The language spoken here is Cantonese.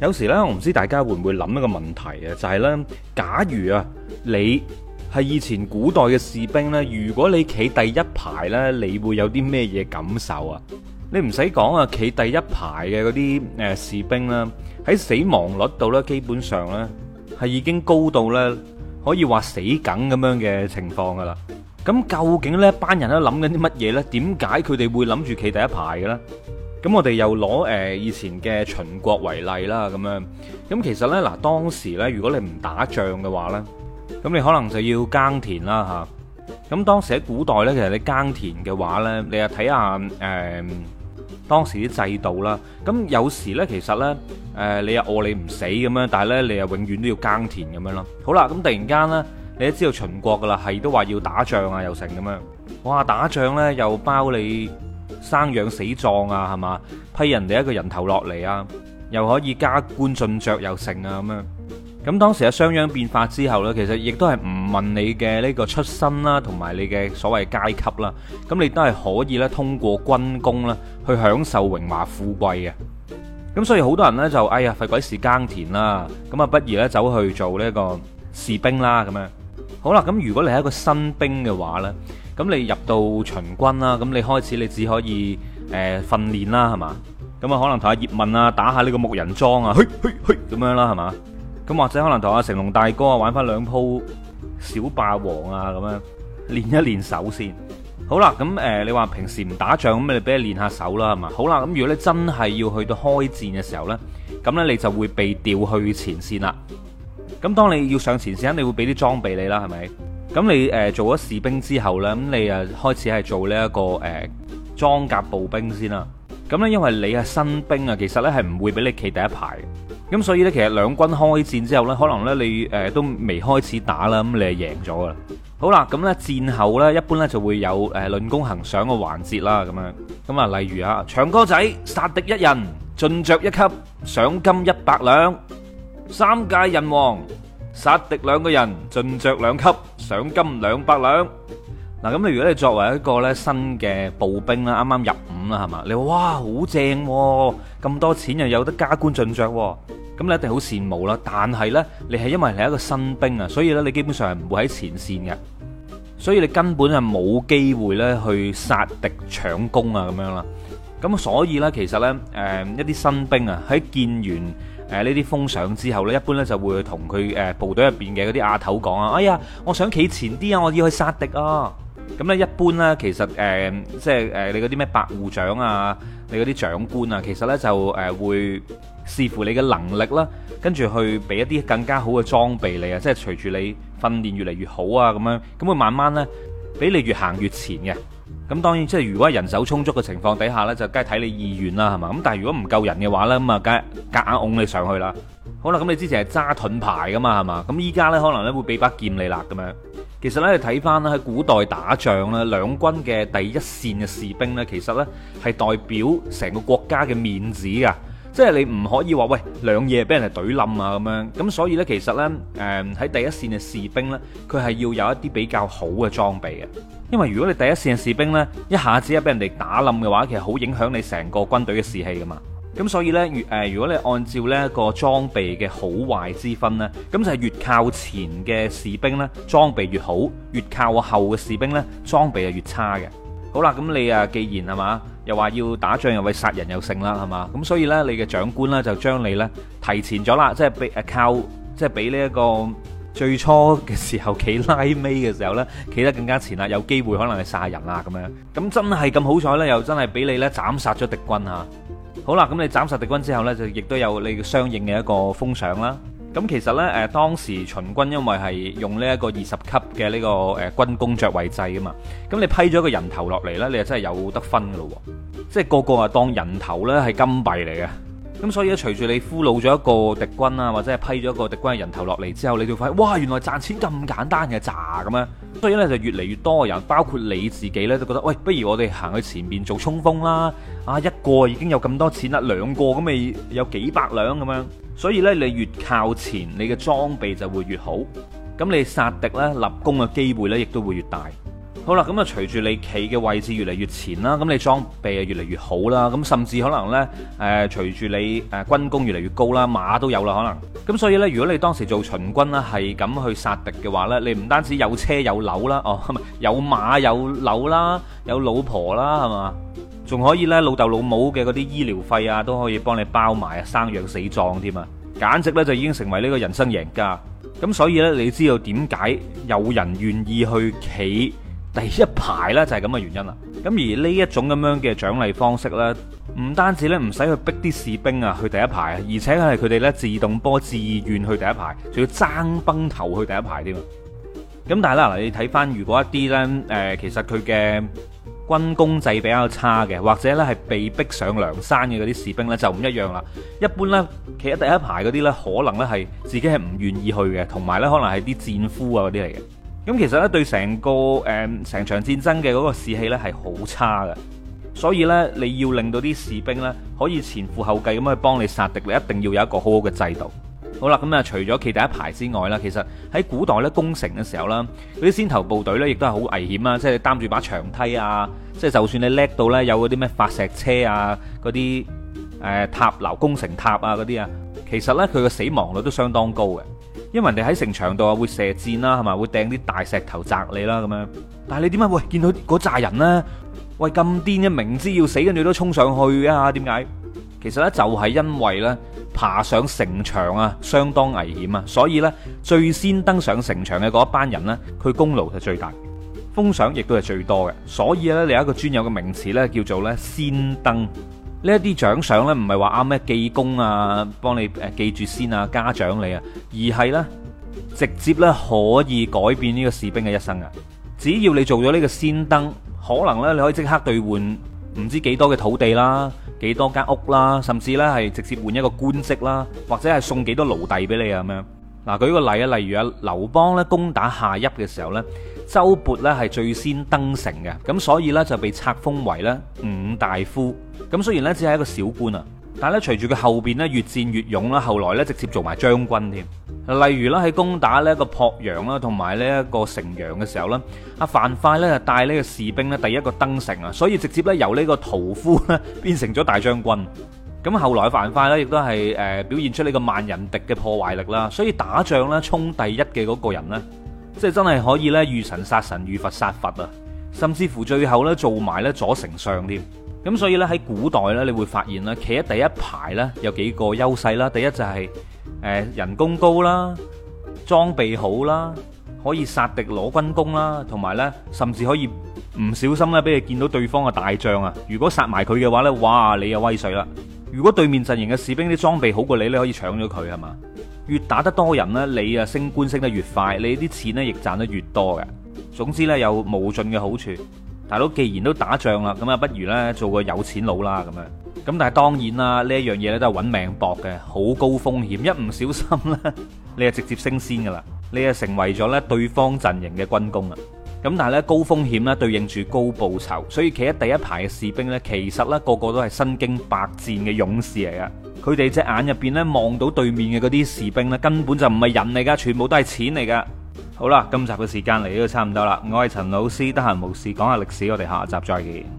有時咧，我唔知大家會唔會諗一個問題啊，就係咧，假如啊，你係以前古代嘅士兵咧，如果你企第一排咧，你會有啲咩嘢感受啊？你唔使講啊，企第一排嘅嗰啲誒士兵啦，喺死亡率度咧，基本上咧係已經高到咧可以話死梗咁樣嘅情況噶啦。咁究竟呢一班人都諗緊啲乜嘢咧？點解佢哋會諗住企第一排嘅咧？咁我哋又攞誒以前嘅秦國為例啦，咁樣咁其實呢，嗱，當時呢，如果你唔打仗嘅話呢，咁你可能就要耕田啦嚇。咁當時喺古代呢，其實你耕田嘅話呢，你又睇下誒當時啲制度啦。咁有時呢，其實呢，你又餓你唔死咁樣，但係呢，你又永遠都要耕田咁樣咯。好啦，咁突然間呢，你都知道秦國噶啦，係都話要打仗啊又成咁樣。哇，打仗呢，又包你～生養死葬啊，係嘛，批人哋一個人頭落嚟，啊，又可以加官進爵又成啊咁樣。咁當時喺商鞅變法之後咧，其實亦都係唔問你嘅呢個出身啦，同埋你嘅所謂階級啦，咁你都係可以咧通過軍功咧去享受榮華富貴嘅。咁所以好多人咧就哎呀廢鬼事耕田啦，咁啊不如咧走去做呢個士兵啦咁樣。好啦，咁如果你係一個新兵嘅話咧。咁你入到秦軍啦，咁你開始你只可以誒訓練啦，係嘛？咁啊可能同阿葉問啊打下呢個木人樁啊，嘿嘿嘿咁樣啦，係嘛？咁或者可能同阿成龍大哥啊玩翻兩鋪小霸王啊咁樣練一練手先。好啦，咁誒、呃、你話平時唔打仗，咁你俾你練下手啦，係嘛？好啦，咁如果你真係要去到開戰嘅時候呢，咁你就會被調去前線啦。咁當你要上前線，肯定會俾啲裝備你啦，係咪？咁你誒、呃、做咗士兵之後呢，咁你誒開始係做呢、這、一個誒裝、呃、甲步兵先啦。咁呢因為你係新兵啊，其實呢係唔會俾你企第一排。咁所以呢，其實兩軍開戰之後呢，可能呢你誒、呃、都未開始打啦，咁你係贏咗噶啦。好啦，咁呢戰後呢，一般呢就會有誒論功行賞嘅環節啦，咁樣咁啊，例如啊，長哥仔殺敵一人，晉爵一級，賞金一百兩；三界人王殺敵兩個人，晉爵兩級。賞金兩百兩。嗱，咁你如果你作為一個咧新嘅步兵啦，啱啱入伍啦，係嘛？你話哇，好正喎，咁多錢又有得加官進爵，咁你一定好羨慕啦。但係咧，你係因為你係一個新兵啊，所以咧你基本上係唔會喺前線嘅，所以你根本係冇機會咧去殺敵搶功啊咁樣啦。咁所以咧，其實咧，誒一啲新兵啊喺邊緣。誒，呢啲封賞之後呢一般呢就會同佢誒部隊入邊嘅嗰啲阿頭講啊。哎呀，我想企前啲啊，我要去殺敵啊。咁呢一般呢，其實誒、呃，即係誒，你嗰啲咩百戶長啊，你嗰啲長官啊，其實呢就誒會視乎你嘅能力啦，跟住去俾一啲更加好嘅裝備你啊。即係隨住你訓練越嚟越好啊，咁樣咁會慢慢呢，俾你越行越前嘅。咁當然即係如果人手充足嘅情況底下呢就梗係睇你意願啦，係嘛？咁但係如果唔夠人嘅話呢咁啊梗係夾硬㧬你上去啦。好啦，咁你之前係揸盾牌噶嘛，係嘛？咁依家呢，可能呢會俾把劍你啦咁樣。其實呢你睇翻呢喺古代打仗啦兩軍嘅第一線嘅士兵呢，其實呢係代表成個國家嘅面子噶。即係你唔可以話喂兩嘢俾人哋懟冧啊咁樣。咁所以呢，其實呢，誒、嗯、喺第一線嘅士兵呢，佢係要有一啲比較好嘅裝備嘅。因為如果你第一線士兵呢，一下子啊俾人哋打冧嘅話，其實好影響你成個軍隊嘅士氣噶嘛。咁所以呢，越誒，如果你按照呢個裝備嘅好壞之分呢，咁就係越靠前嘅士兵呢，裝備越好，越靠後嘅士兵呢，裝備係越差嘅。好啦，咁你啊既然係嘛，又話要打仗又會殺人又成啦係嘛，咁所以呢，你嘅長官呢，就將你呢提前咗啦，即係俾靠，即係俾呢一個。最初嘅時候企拉尾嘅時候呢，企得更加前啦，有機會可能係殺人啦咁樣。咁真係咁好彩呢，又真係俾你呢斬殺咗敵軍嚇。好啦，咁你斬殺敵軍之後呢，就亦都有你相應嘅一個封賞啦。咁其實呢，誒當時秦軍因為係用呢一個二十級嘅呢個誒軍功爵位制啊嘛，咁你批咗一個人頭落嚟呢，你又真係有得分噶咯喎，即係個個啊當人頭呢係金幣嚟嘅。咁所以咧，隨住你俘虜咗一個敵軍啊，或者係批咗一個敵軍嘅人頭落嚟之後，你就發現，哇，原來賺錢咁簡單嘅咋，咁樣，所以咧就越嚟越多嘅人，包括你自己咧，都覺得喂，不如我哋行去前面做衝鋒啦。啊，一個已經有咁多錢啦，兩個咁咪有幾百兩咁樣，所以咧你越靠前，你嘅裝備就會越好，咁你殺敵咧立功嘅機會咧，亦都會越大。好啦，咁啊，隨住你企嘅位置越嚟越前啦，咁你裝備啊越嚟越好啦，咁甚至可能呢，誒、呃，隨住你誒、呃、軍功越嚟越高啦，馬都有啦，可能咁，所以呢，如果你當時做秦軍啦，係咁去殺敵嘅話呢，你唔單止有車有樓啦，哦，唔係有馬有樓啦，有老婆啦，係嘛，仲可以呢，老豆老母嘅嗰啲醫療費啊，都可以幫你包埋生養死葬添啊，簡直呢，就已經成為呢個人生贏家。咁所以呢，你知道點解有人願意去企第一排呢就係咁嘅原因啦，咁而呢一種咁樣嘅獎勵方式呢，唔單止呢唔使去逼啲士兵啊去第一排，而且係佢哋呢自動波自願去第一排，仲要爭崩頭去第一排添。咁但係啦嗱，你睇返如果一啲呢，誒、呃，其實佢嘅軍功制比較差嘅，或者呢係被逼上梁山嘅嗰啲士兵呢，就唔一樣啦。一般呢，企喺第一排嗰啲呢，可能呢係自己係唔願意去嘅，同埋呢可能係啲戰俘啊嗰啲嚟嘅。咁其實咧，對成個誒成場戰爭嘅嗰個士氣咧係好差嘅，所以咧你要令到啲士兵咧可以前赴後繼咁去幫你殺敵，你一定要有一個好好嘅制度。好啦，咁、嗯、啊除咗企第一排之外啦，其實喺古代咧攻城嘅時候啦，嗰啲先頭部隊咧亦都係好危險啊！即係你擔住把長梯啊，即係就算你叻到咧有嗰啲咩發石車啊、嗰啲誒塔樓攻城塔啊嗰啲啊，其實咧佢嘅死亡率都相當高嘅。因為人哋喺城牆度啊，會射箭啦，係嘛，會掟啲大石頭砸你啦，咁樣。但係你點解會見到嗰扎人呢？喂咁癲嘅，明知要死，跟住都衝上去啊？點解？其實呢，就係因為呢，爬上城牆啊，相當危險啊，所以呢，最先登上城牆嘅嗰一班人呢，佢功勞係最大，封賞亦都係最多嘅。所以呢，你有一個專有嘅名詞呢，叫做呢「先登」。呢一啲獎賞呢，唔係話啱咩記功啊，幫你誒記住先啊，嘉獎你啊，而係呢，直接呢，可以改變呢個士兵嘅一生啊！只要你做咗呢個先登，可能呢，你可以即刻兌換唔知幾多嘅土地啦、幾多間屋啦，甚至呢，係直接換一個官職啦，或者係送幾多奴隸俾你啊咁樣嗱，舉個例啊，例如阿劉邦咧攻打下邑嘅時候咧，周勃咧係最先登城嘅，咁所以咧就被冊封為咧五大夫。咁雖然咧只係一個小官啊，但係咧隨住佢後邊咧越戰越勇啦，後來咧直接做埋將軍添。例如啦，喺攻打呢一個濮陽啦，同埋呢一個城陽嘅時候啦，阿樊噲咧就帶呢個士兵咧第一個登城啊，所以直接咧由呢個屠夫咧變成咗大將軍。咁後來嘅樊噲咧，亦都係誒表現出呢個萬人敵嘅破壞力啦。所以打仗啦，衝第一嘅嗰個人呢，即係真係可以呢遇神殺神，遇佛殺佛啊。甚至乎最後呢做埋呢左丞相添。咁所以呢，喺古代呢，你會發現啦，企喺第一排呢，有幾個優勢啦。第一就係誒人工高啦，裝備好啦，可以殺敵攞軍功啦，同埋呢，甚至可以唔小心呢俾你見到對方嘅大將啊。如果殺埋佢嘅話呢，哇，你又威水啦！如果對面陣營嘅士兵啲裝備好過你，你可以搶咗佢係嘛？越打得多人呢，你啊升官升得越快，你啲錢呢亦賺得越多嘅。總之呢，有無盡嘅好處。大佬既然都打仗啦，咁啊不如呢做個有錢佬啦咁樣。咁但係當然啦，呢一樣嘢呢都係揾命搏嘅，好高風險，一唔小心呢， 你就直接升仙噶啦，你就成為咗呢對方陣營嘅軍功啊！咁但係咧，高風險咧對應住高報酬，所以企喺第一排嘅士兵呢，其實呢個個都係身經百戰嘅勇士嚟噶。佢哋隻眼入邊呢望到對面嘅嗰啲士兵呢根本就唔係人嚟噶，全部都係錢嚟噶。好啦，今集嘅時間嚟到差唔多啦，我係陳老師，得閒無事講下歷史，我哋下集再見。